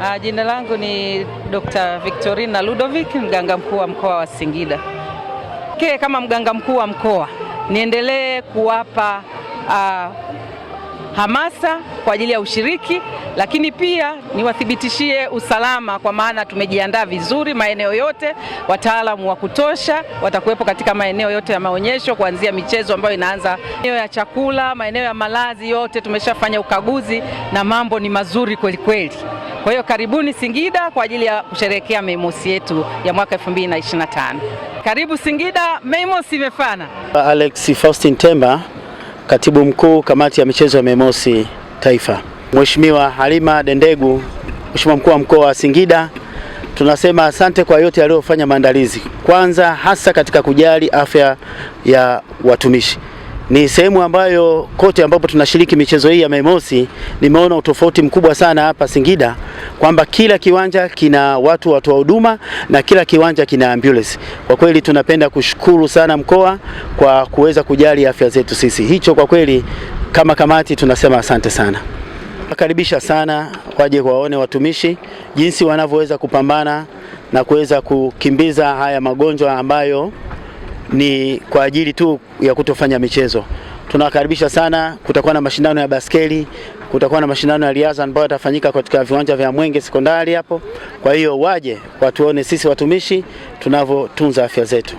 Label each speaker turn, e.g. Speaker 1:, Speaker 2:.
Speaker 1: Uh, jina langu ni Dr. Victorina Ludovic, mganga mkuu wa mkoa wa Singida. Ke, kama mganga mkuu wa mkoa niendelee kuwapa uh, hamasa kwa ajili ya ushiriki, lakini pia niwathibitishie usalama, kwa maana tumejiandaa vizuri maeneo yote, wataalamu wa kutosha watakuwepo katika maeneo yote ya maonyesho, kuanzia michezo ambayo inaanza, maeneo ya chakula, maeneo ya malazi, yote tumeshafanya ukaguzi na mambo ni mazuri kweli kweli. Kwa hiyo karibuni Singida kwa ajili ya kusherehekea Mei Mosi yetu ya mwaka 2025. Karibu Singida, Mei Mosi imefana.
Speaker 2: Alex Faustin Temba Katibu Mkuu Kamati ya Michezo ya Memosi Taifa, Mheshimiwa Halima Dendegu, Mheshimiwa Mkuu wa Mkoa wa Singida, tunasema asante kwa yote aliyofanya maandalizi, kwanza hasa katika kujali afya ya watumishi ni sehemu ambayo kote ambapo tunashiriki michezo hii ya Mei Mosi, nimeona utofauti mkubwa sana hapa Singida kwamba kila kiwanja kina watu watoa huduma na kila kiwanja kina ambulance. Kwa kweli tunapenda kushukuru sana mkoa kwa kuweza kujali afya zetu sisi. Hicho kwa kweli kama kamati tunasema asante sana. Nakaribisha sana waje waone watumishi jinsi wanavyoweza kupambana na kuweza kukimbiza haya magonjwa ambayo ni kwa ajili tu ya kutofanya michezo. Tunawakaribisha sana. Kutakuwa na mashindano ya baskeli, kutakuwa na mashindano ya riadha ambayo yatafanyika katika viwanja vya Mwenge sekondari hapo. Kwa hiyo waje watuone sisi watumishi tunavyotunza afya zetu.